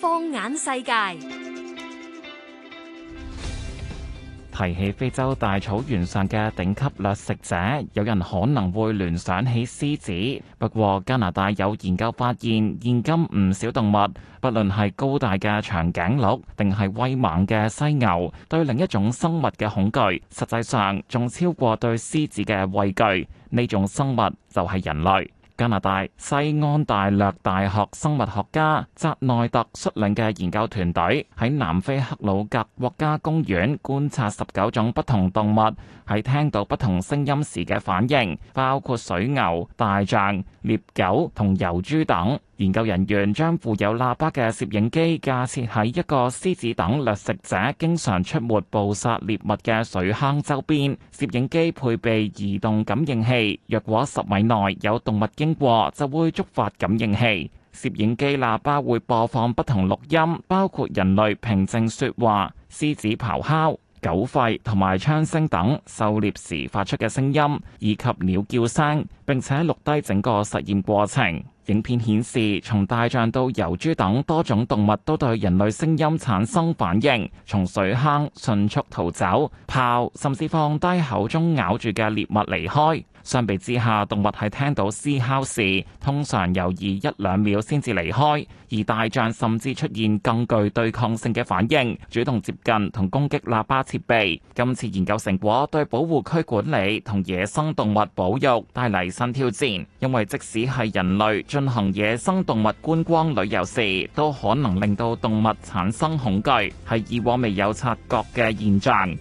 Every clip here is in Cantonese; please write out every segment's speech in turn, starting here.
放眼世界，提起非洲大草原上嘅頂級掠食者，有人可能會聯想起獅子。不過，加拿大有研究發現，現今唔少動物，不論係高大嘅長頸鹿，定係威猛嘅犀牛，對另一種生物嘅恐懼，實際上仲超過對獅子嘅畏懼。呢種生物就係人類。加拿大西安大略大學生物學家扎內特率領嘅研究團隊喺南非克魯格國家公園觀察十九種不同動物喺聽到不同聲音時嘅反應，包括水牛、大象、獵狗同油豬等。研究人員將附有喇叭嘅攝影機架設喺一個獅子等掠食者經常出沒捕殺獵物嘅水坑周邊。攝影機配備移動感應器，若果十米內有動物經過，就會觸發感應器。攝影機喇叭會播放不同錄音，包括人類平靜說話、獅子咆哮、狗吠同埋槍聲等狩獵時發出嘅聲音，以及鳥叫聲，並且錄低整個實驗過程。影片顯示，從大象到疣豬等多種動物都對人類聲音產生反應，從水坑迅速逃走，豹甚至放低口中咬住嘅獵物離開。相比之下，動物係聽到嘶吼時通常猶豫一兩秒先至離開，而大象甚至出現更具對抗性嘅反應，主動接近同攻擊喇叭設備。今次研究成果對保護區管理同野生動物保育帶嚟新挑戰，因為即使係人類進行野生動物觀光旅遊時都可能令到動物產生恐懼，係以往未有察覺嘅現象。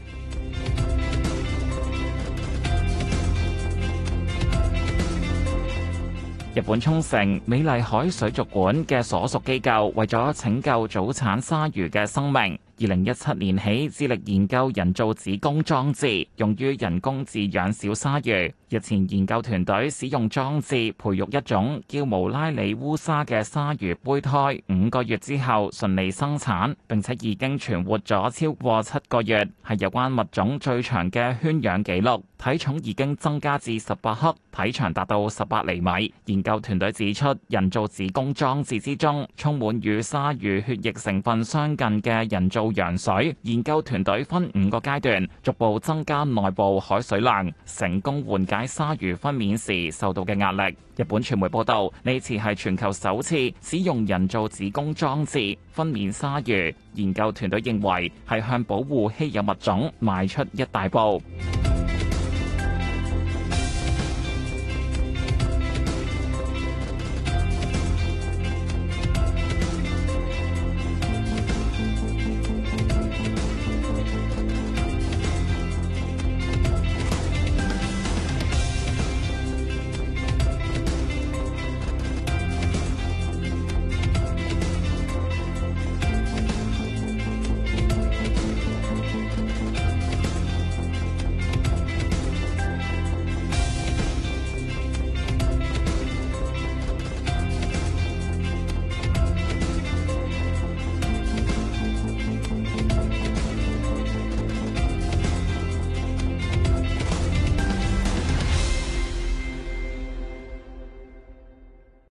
日本沖繩美麗海水族館嘅所屬機構為咗拯救早產鯊魚嘅生命，二零一七年起致力研究人造子宮裝置，用於人工飼養小鯊魚。日前，研究團隊使用裝置培育一種叫無拉里烏沙嘅鯊魚胚胎，五個月之後順利生產，並且已經存活咗超過七個月，係有關物種最長嘅圈養紀錄。體重已經增加至十八克，體長達到十八厘米。研究團隊指出，人造子宮裝置之中充滿與鯊魚血液成分相近嘅人造羊水。研究團隊分五個階段，逐步增加內部海水量，成功緩解鯊魚分娩時受到嘅壓力。日本傳媒報道，呢次係全球首次使用人造子宮裝置分娩鯊魚。研究團隊認為，係向保護稀有物種邁出一大步。